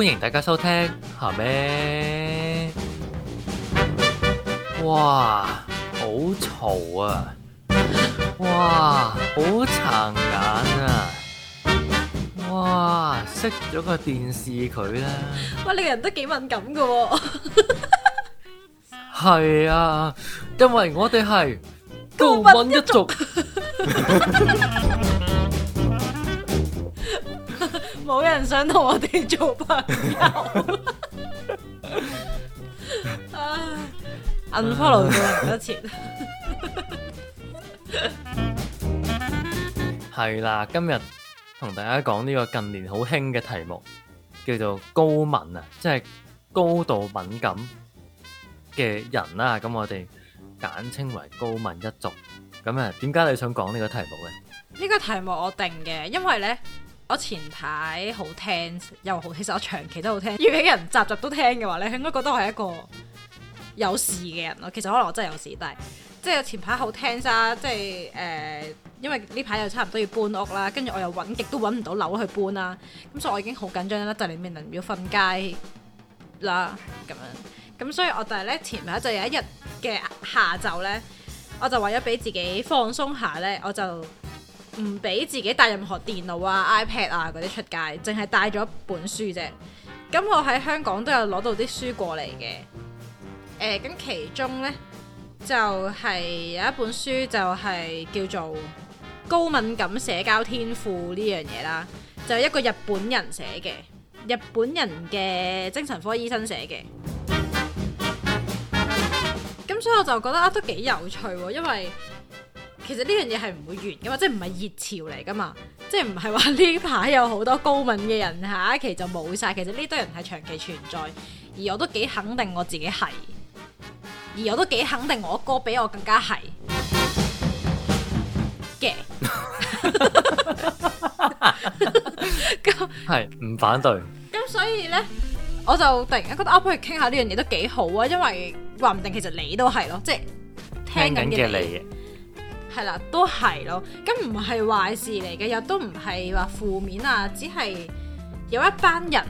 歡迎大家收聽，係咩？哇，好嘈啊！哇，好殘忍啊！哇，熄咗個電視佢啦！哇，你個人都幾敏感噶？係啊，因為我哋係高敏一族。冇人想同我哋做朋友，唉，unfollow 都嚟得切。係啦，今日同大家講呢個近年好興嘅題目，叫做高敏啊，即係高度敏感嘅人啦。咁我哋簡稱為高敏一族。咁啊，點解你想講呢個題目嘅？呢個題目我定嘅，因為咧。我前排 tense, 好 tense，又其實我長期都好 tense。如果有人集集都聽嘅話咧，應該覺得我係一個有事嘅人咯。其實可能我真係有事，但係即係前排好 tense 啦。即係誒，因為呢排又差唔多要搬屋啦，跟住我又搵極都搵唔到樓去搬啦。咁所以我已經好緊張啦，就嚟面臨要瞓街啦咁樣。咁所以我就係咧前排就有一日嘅下晝咧，我就為咗俾自己放鬆下咧，我就。唔俾自己帶任何電腦啊、iPad 啊嗰啲出街，淨係帶咗本書啫。咁我喺香港都有攞到啲書過嚟嘅。誒、呃，咁其中呢，就係、係、有一本書，就係叫做《高敏感社交天賦》呢樣嘢啦，就係一個日本人寫嘅，日本人嘅精神科醫生寫嘅。咁所以我就覺得啊，都幾有趣喎，因為。其實呢樣嘢係唔會完噶嘛，即係唔係熱潮嚟噶嘛，即係唔係話呢排有好多高敏嘅人，下一期就冇晒。其實呢堆人係長期存在，而我都幾肯定我自己係，而我都幾肯定我哥比我更加係嘅。咁係唔反對。咁所以咧，我就突然間覺得同佢傾下呢樣嘢都幾好啊，因為話唔定其實你都係咯，即係聽緊嘅你。係啦、啊，都係咯，咁唔係壞事嚟嘅，又都唔係話負面啊，只係有一班人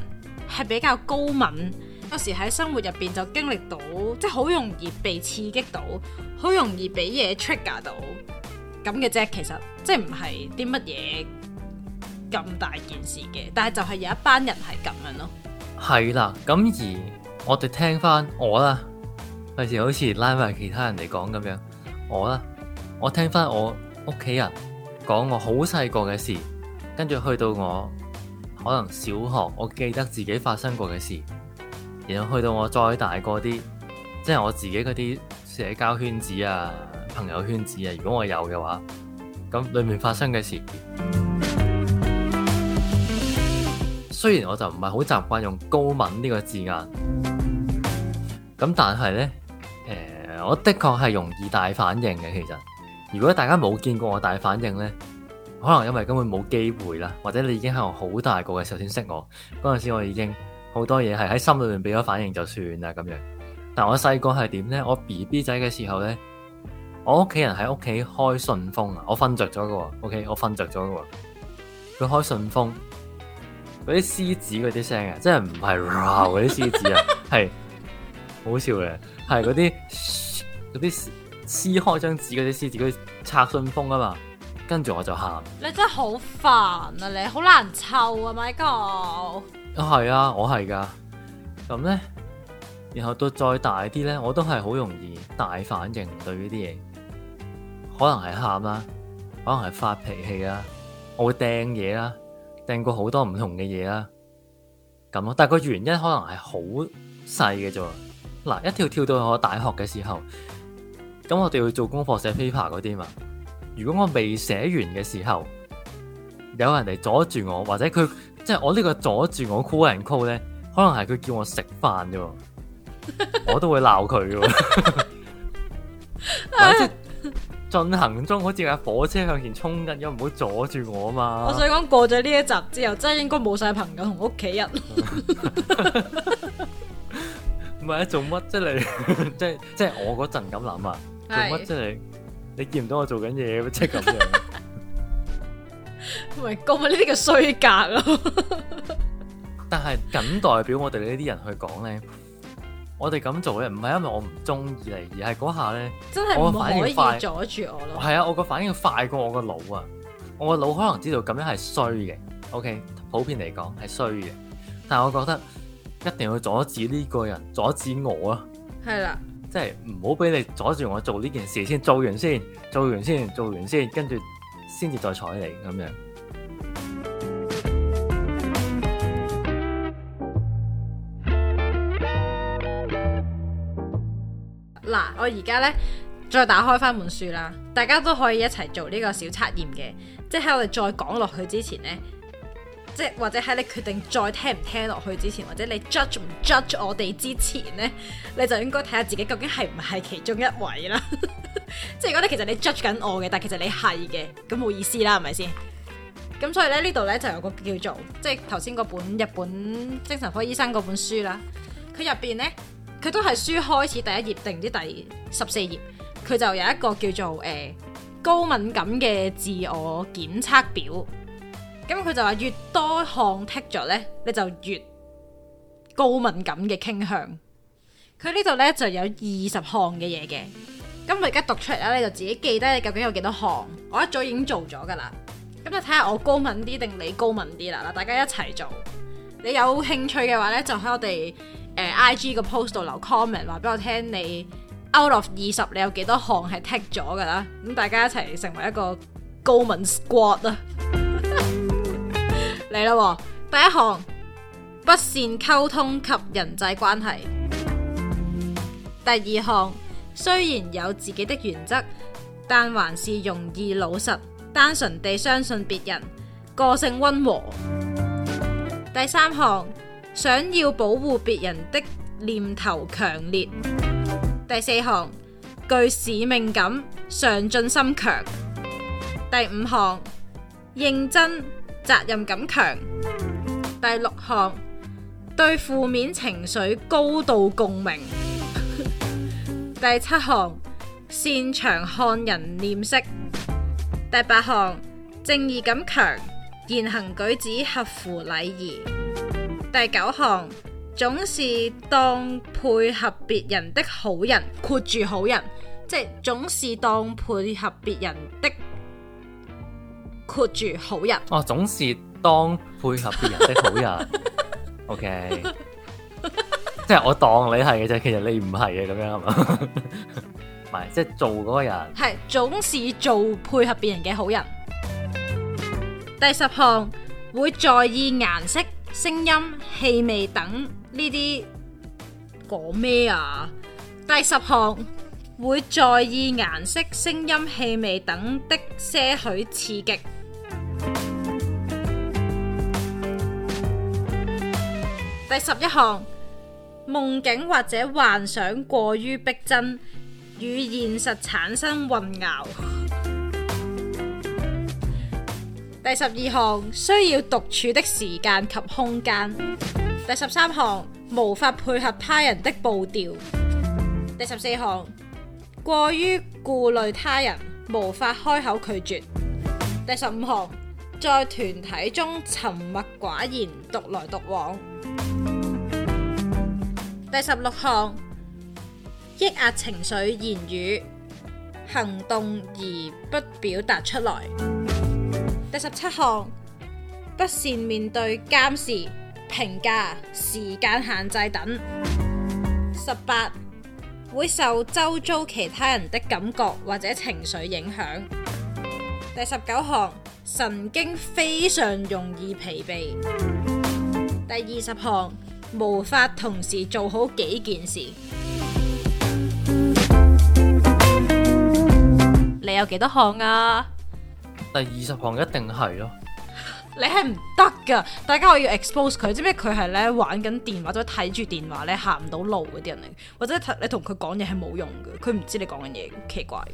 係比較高敏，有時喺生活入邊就經歷到，即係好容易被刺激到，好容易俾嘢 trigger 到咁嘅啫。其實即係唔係啲乜嘢咁大件事嘅，但係就係有一班人係咁樣咯。係啦、啊，咁而我哋聽翻我啦，有時好似拉埋其他人嚟講咁樣，我啦。我聽翻我屋企人講我好細個嘅事，跟住去到我可能小學，我記得自己發生過嘅事，然後去到我再大個啲，即係我自己嗰啲社交圈子啊、朋友圈子啊，如果我有嘅話，咁裏面發生嘅事，雖然我就唔係好習慣用高敏呢個字眼，咁但係呢，誒、呃，我的確係容易大反應嘅，其實。如果大家冇見過我大反應咧，可能因為根本冇機會啦，或者你已經喺我好大個嘅時候先識我，嗰陣時我已經好多嘢係喺心裏面俾咗反應就算啦咁樣。但我細個係點咧？我 B B 仔嘅時候咧，我屋企人喺屋企開信封啊，我瞓着咗㗎喎，OK，我瞓着咗㗎喎，佢開信封，嗰啲撕紙嗰啲聲嘅，即係唔係嗰啲撕紙啊，係 好笑嘅，係嗰啲嗰啲撕開張紙嗰啲撕紙。拆信封啊嘛，跟住我就喊。你真係好煩啊！你好難湊啊，Michael。係、哦、啊，我係噶。咁咧，然後到再大啲咧，我都係好容易大反應對呢啲嘢，可能係喊啦，可能係發脾氣啦、啊，我會掟嘢啦，掟過好多唔同嘅嘢啦。咁咯，但係個原因可能係好細嘅啫。嗱，一跳跳到我大學嘅時候。咁我哋要做功課寫 paper 嗰啲嘛？如果我未寫完嘅時候，有人嚟阻住我，或者佢即係我呢個阻住我 call 人 call 咧，可能係佢叫我食飯嘅，我都會鬧佢嘅。喺進行中，好似架火車向前衝緊，咁唔好阻住我啊嘛！我想講過咗呢一集之後，真係應該冇晒朋友同屋企人。唔 係 啊，做乜啫你？即係即係我嗰陣咁諗啊！做乜啫？ 你，你見唔到我做緊嘢即係咁樣，唔係講緊呢啲叫衰格咯？ 但係僅代表我哋呢啲人去講咧，我哋咁做咧，唔係因為我唔中意你，而係嗰下咧，真係唔可以阻住我咯。係 啊，我個反應快過我個腦啊！我個腦可能知道咁樣係衰嘅。OK，普遍嚟講係衰嘅，但係我覺得一定要阻止呢個人，阻止我啊！係啦、啊。即係唔好俾你阻住我做呢件事先，做完先，做完先，做完先，跟住先至再睬你咁樣。嗱，我而家咧再打開翻本書啦，大家都可以一齊做呢個小測驗嘅，即係我哋再講落去之前咧。即係或者喺你決定再聽唔聽落去之前，或者你 judge 唔 judge 我哋之前呢，你就應該睇下自己究竟係唔係其中一位啦。 即係覺得其實你 judge 緊我嘅，但係其實你係嘅，咁冇意思啦，係咪先？咁所以咧呢度呢，就有個叫做即係頭先嗰本日本精神科醫生嗰本書啦，佢入邊呢，佢都係書開始第一頁定唔知第十四頁，佢就有一個叫做誒、呃、高敏感嘅自我檢測表。咁佢就話越多項剔咗呢，你就越高敏感嘅傾向。佢呢度呢就有二十項嘅嘢嘅。咁我而家讀出嚟啦，你就自己記得你究竟有幾多項。我一早已經做咗噶啦。咁你睇下我高敏啲定你高敏啲啦。嗱，大家一齊做。你有興趣嘅話呢，就喺我哋誒、呃、I G 個 post 度留 comment，話俾我聽你 out of 二十你有幾多項係剔咗噶啦。咁大家一齊成為一個高敏 squad 啊！嚟啦，第一項不善溝通及人際關係。第二項雖然有自己的原則，但還是容易老實、單純地相信別人，個性溫和。第三項想要保護別人的念頭強烈。第四項具使命感、上進心強。第五項認真。責任感強，第六項對負面情緒高度共鳴，第七項擅長看人臉色，第八項正義感強，言行舉止合乎禮儀，第九項總是當配合別人的好人，括住好人，即係總是當配合別人的。括住好人哦，總是當配合別人的好人，OK，即係我當你係嘅啫，其實你唔係嘅，咁樣係嘛，唔係即係做嗰個人，係總是做配合別人嘅好人。第十項會在意顏色、聲音、氣味等，呢啲講咩啊？第十項會在意顏色、聲音、氣味等的些許刺激。第十一項，夢境或者幻想過於逼真，與現實產生混淆。第十二項，需要獨處的時間及空間。第十三項，無法配合他人的步調。第十四項，過於顧慮他人，無法開口拒絕。第十五項。在團體中沉默寡言、獨來獨往。第十六項，抑壓情緒、言語行動而不表達出來。第十七項，不善面對監視、評價、時間限制等。十八，會受周遭其他人的感覺或者情緒影響。第十九項。神經非常容易疲憊。第二十項，無法同時做好幾件事。 你有幾多項啊？第二十項一定係咯。 你係唔得噶，大家我要 expose 佢，知唔知佢係咧玩緊電話，者睇住電話咧行唔到路嗰啲人嚟，或者你同佢講嘢係冇用噶，佢唔知你講緊嘢，奇怪嘅。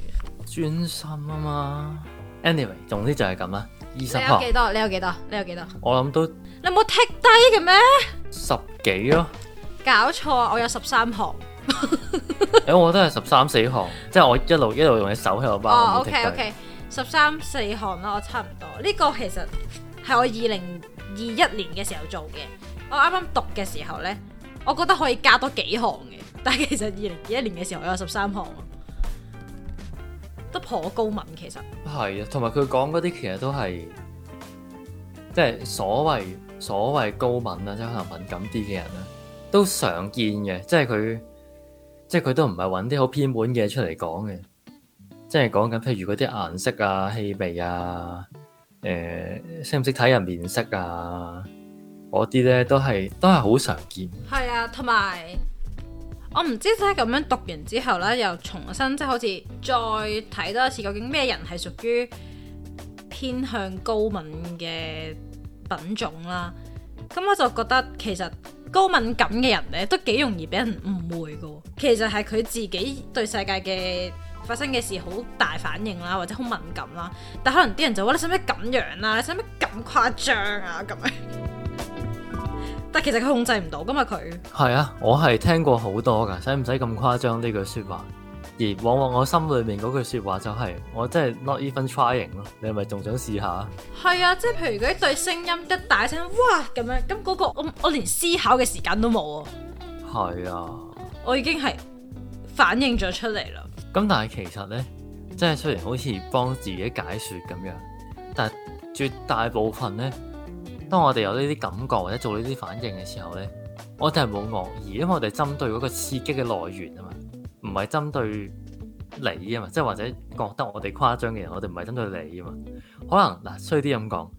專心啊嘛。Anyway，總之就係咁啦。二十你有幾多，啊你有幾多？你有幾多？想你有幾多？我諗都你冇剔低嘅咩？十幾咯、啊，搞錯，我有十三行。誒，我都係十三四行，即係我一路一路用啲手喺度包。哦，OK OK，十三四行咯，我差唔多。呢、這個其實係我二零二一年嘅時候做嘅。我啱啱讀嘅時候咧，我覺得可以加多幾行嘅，但係其實二零二一年嘅時候我有十三行。都頗高敏，其實係啊，同埋佢講嗰啲其實都係即係所謂所謂高敏啊，即係可能敏感啲嘅人啦，都常見嘅。即係佢即係佢都唔係揾啲好偏門嘅嘢出嚟講嘅，即係講緊譬如嗰啲顏色啊、氣味啊、誒識唔識睇人面色啊嗰啲咧，都係都係好常見。係啊，同埋。我唔知即係咁樣讀完之後咧，又重新即係好似再睇多一次，究竟咩人係屬於偏向高敏嘅品種啦？咁我就覺得其實高敏感嘅人咧都幾容易俾人誤會噶。其實係佢自己對世界嘅發生嘅事好大反應啦，或者好敏感啦。但可能啲人就話你使唔使咁樣啦？你使唔使咁誇張啊？咁樣。但其實佢控制唔到噶嘛，佢係啊，我係聽過好多噶，使唔使咁誇張呢句說話？而往往我心裏面嗰句說話就係、是，我真係 not even trying 咯。你係咪仲想試下？係啊，即係譬如嗰一對聲音一大聲，哇，咁樣，咁嗰個我我連思考嘅時間都冇啊。係啊，我已經係反應咗出嚟啦。咁但係其實咧，即係雖然好似幫自己解說咁樣，但係絕大部分咧。當我哋有呢啲感覺或者做呢啲反應嘅時候咧，我哋係冇惡意，因為我哋針對嗰個刺激嘅來源啊嘛，唔係針對你啊嘛，即係或者覺得我哋誇張嘅人，我哋唔係針對你啊嘛。可能嗱，衰啲咁講，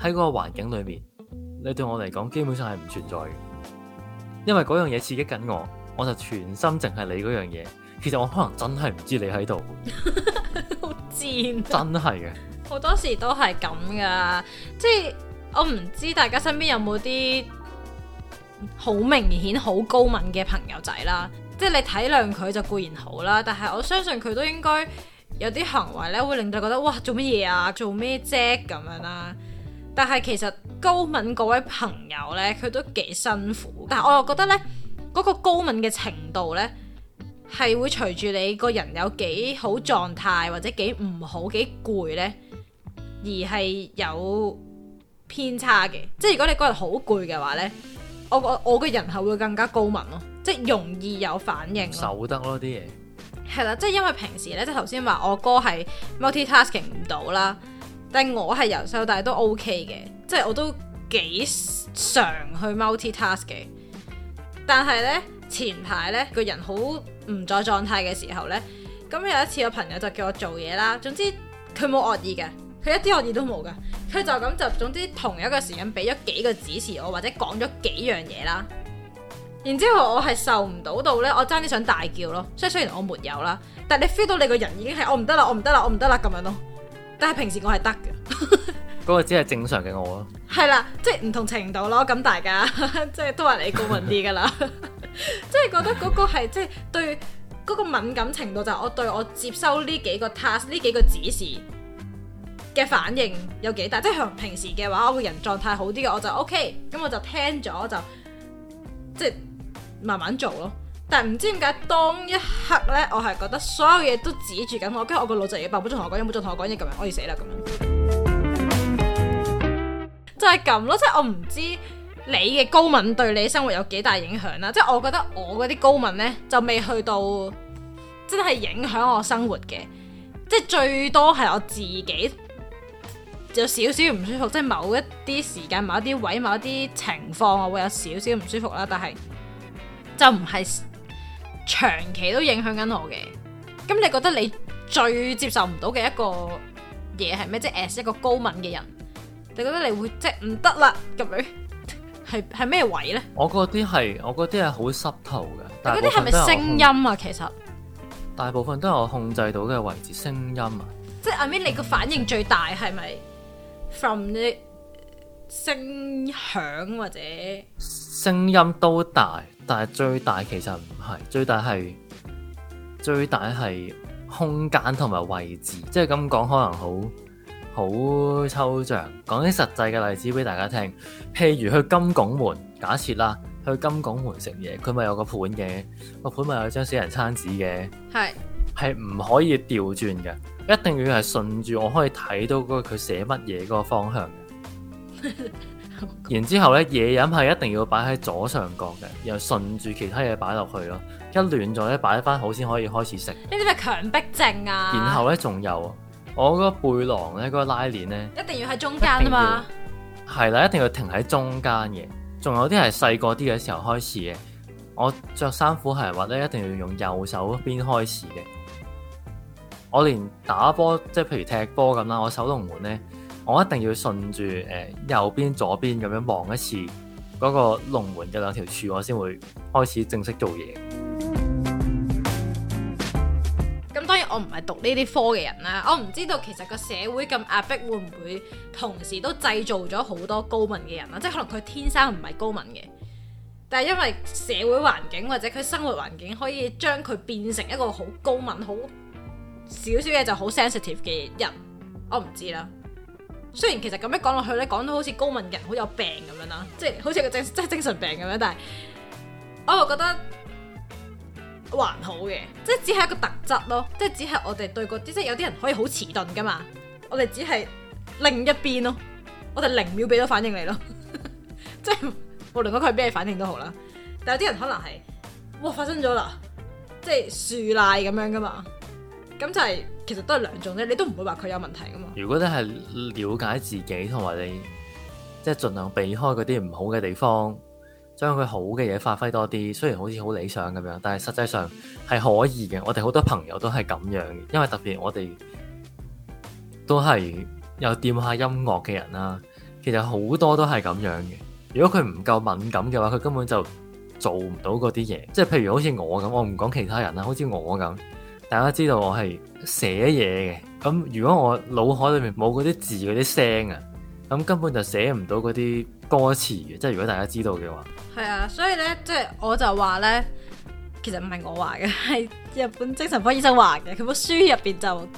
喺嗰個環境裏面，你對我嚟講基本上係唔存在嘅，因為嗰樣嘢刺激緊我，我就全心淨係你嗰樣嘢。其實我可能真係唔知你喺度， 好賤，啊，真係嘅，真係嘅，好多時都係咁噶，即係。我唔知大家身邊有冇啲好明顯好高敏嘅朋友仔啦，即係你體諒佢就固然好啦，但係我相信佢都應該有啲行為咧，會令到覺得哇，做乜嘢啊，做咩啫咁樣啦、啊。但係其實高敏嗰位朋友呢，佢都幾辛苦，但係我又覺得呢，嗰、嗰個高敏嘅程度呢，係會隨住你個人有幾好狀態或者幾唔好幾攰呢，而係有偏差嘅，即係如果你嗰日好攰嘅話呢，我我我個人係會更加高敏咯，啊，即係容易有反應，啊。受得咯啲嘢係啦，即係因為平時呢，即係頭先話我哥係 multi-tasking 唔到啦，但係我係由細到大都 OK 嘅，即係我都幾常去 multi-tasking。但係呢，前排呢，個人好唔在狀態嘅時候呢，咁有一次我朋友就叫我做嘢啦，總之佢冇惡意嘅，佢一啲惡意都冇噶。佢就咁就，總之同一個時間俾咗幾個指示我，或者講咗幾樣嘢啦。然之後我係受唔到到呢，我爭啲想大叫咯。所以雖然我沒有啦，但係你 feel 到你個人已經係我唔得啦，我唔得啦，我唔得啦咁樣咯。但係平時我係得嘅。嗰 個只係正常嘅我咯。係 啦，即係唔同程度咯。咁大家即係 都話你高敏啲噶啦，即 係覺得嗰個係即係對嗰個敏感程度，就係我對我接收呢幾個 task 呢幾個指示。嘅反應有幾大？即係平時嘅話，我個人狀態好啲嘅，我就 OK。咁我就聽咗，就即係慢慢做咯。但唔知點解當一刻呢，我係覺得所有嘢都指住緊我。跟住我個腦就爸爸，唔好再同我講嘢，唔好再同我講嘢咁樣，我可以死啦咁樣。就係咁咯，即係我唔知你嘅高敏對你生活有幾大影響啦。即係我覺得我嗰啲高敏呢，就未去到真係影響我生活嘅。即係最多係我自己。有少少唔舒服，即係某一啲時間、某一啲位、某一啲情況，我會有少少唔舒服啦。但係就唔係長期都影響緊我嘅。咁你覺得你最接受唔到嘅一個嘢係咩？即係 s 一個高敏嘅人，你覺得你會即係唔得啦咁樣？係係咩位咧？我嗰啲係我嗰啲係好濕透嘅。你嗰啲係咪聲音啊？其實大部分都係我控制到嘅位置，聲音啊。即係阿 m 你個反應最大係咪？from 啲聲響或者聲音都大，但係最大其實唔係，最大係最大係空間同埋位置。即係咁講，可能好好抽象。講啲實際嘅例子俾大家聽，譬如去金拱門，假設啦，去金拱門食嘢，佢咪有個盤嘅，個盤咪有張小人餐紙嘅，係。係唔可以調轉嘅，一定要係順住，我可以睇到個佢寫乜嘢嗰個方向。 然之後咧，嘢飲係一定要擺喺左上角嘅，然後順住其他嘢擺落去咯。一亂咗咧，擺翻好先可以開始食。呢啲咩強迫症啊？然後呢，仲有我個背囊呢，嗰個拉鏈呢，一定要喺中間啊嘛。係啦， 一定要停喺中間嘅。仲有啲係細個啲嘅時候開始嘅，我着衫褲係或者一定要用右手邊開始嘅。我連打波即係譬如踢波咁啦，我守龍門呢，我一定要順住誒、呃、右邊、左邊咁樣望一次嗰、那個龍門嘅兩條柱，我先會開始正式做嘢。咁、嗯、當然我唔係讀呢啲科嘅人啦，我唔知道其實個社會咁壓迫會唔會同時都製造咗好多高敏嘅人啦，即係可能佢天生唔係高敏嘅，但係因為社會環境或者佢生活環境可以將佢變成一個好高敏好，少少嘢就好 sensitive 嘅人，我唔知啦。雖然其實咁一講落去咧，講到好似高敏人好有病咁樣啦，即係好似個精即係精神病咁樣，但係我又覺得還好嘅，即係只係一個特質咯，即係只係我哋對、嗰個即係有啲人可以好遲鈍噶嘛，我哋只係另一邊咯，我哋零秒俾到反應你咯， 即係無論佢係咩反應都好啦。但係有啲人可能係哇發生咗啦，即係樹賴咁樣噶嘛。咁就係、是、其實都係兩種啫，你都唔會話佢有問題噶嘛。如果你係了解自己，同埋你即係盡量避開嗰啲唔好嘅地方，將佢好嘅嘢發揮多啲。雖然好似好理想咁樣，但係實際上係可以嘅。我哋好多朋友都係咁樣嘅，因為特別我哋都係有掂下音樂嘅人啦。其實好多都係咁樣嘅。如果佢唔夠敏感嘅話，佢根本就做唔到嗰啲嘢。即係譬如好似我咁，我唔講其他人啦，好似我咁。大家知道我係寫嘢嘅，咁如果我腦海裏面冇嗰啲字嗰啲聲啊，咁根本就寫唔到嗰啲歌詞嘅，即係如果大家知道嘅話，係啊，所以咧，即係我就話咧，其實唔係我話嘅，係日本精神科醫生話嘅，佢本書入邊就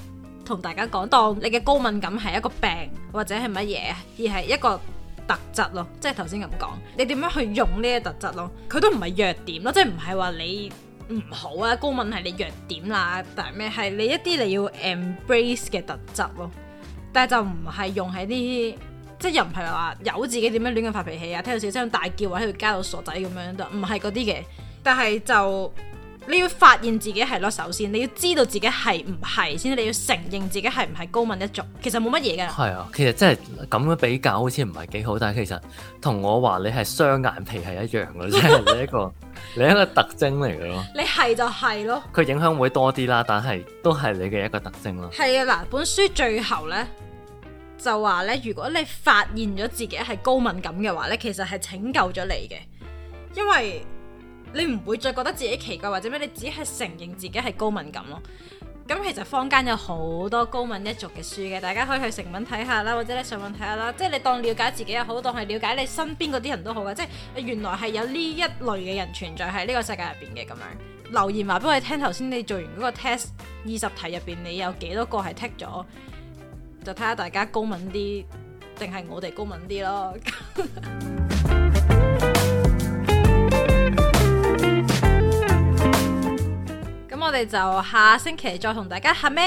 同大家講，當你嘅高敏感係一個病或者係乜嘢，而係一個特質咯，即係頭先咁講，你點樣去用呢啲特質咯？佢都唔係弱點咯，即係唔係話你。唔好啊！高敏係你弱點啦，但係咩？係你一啲你要 embrace 嘅特質咯。但係就唔係用喺啲即係又唔係話有自己點樣亂咁發脾氣啊，聽到小聲大叫啊，喺度加到傻仔咁樣，唔係嗰啲嘅。但係就。你要發現自己係咯，首先你要知道自己係唔係先，你要承認自己係唔係高敏一族，其實冇乜嘢嘅。係啊，其實真係咁樣比較好似唔係幾好，但係其實同我話你係雙眼皮係一樣嘅，即係 你一個你一個特徵嚟嘅咯。你係就係咯，佢影響會多啲啦，但係都係你嘅一個特徵咯。係啊，嗱，本書最後咧就話咧，如果你發現咗自己係高敏感嘅話咧，其實係拯救咗你嘅，因為。你唔會再覺得自己奇怪或者咩，你只係承認自己係高敏感咯。咁其實坊間有好多高敏一族嘅書嘅，大家可以去成文睇下啦，或者咧上網睇下啦。即係你當了解自己又好，當係了解你身邊嗰啲人都好嘅。即係原來係有呢一類嘅人存在喺呢個世界入邊嘅咁樣。留言話俾我聽，頭先你做完嗰個 test 二十題入邊，你有幾多個係剔咗？就睇下大家高敏啲，定係我哋高敏啲咯。 我哋就下星期再同大家合名。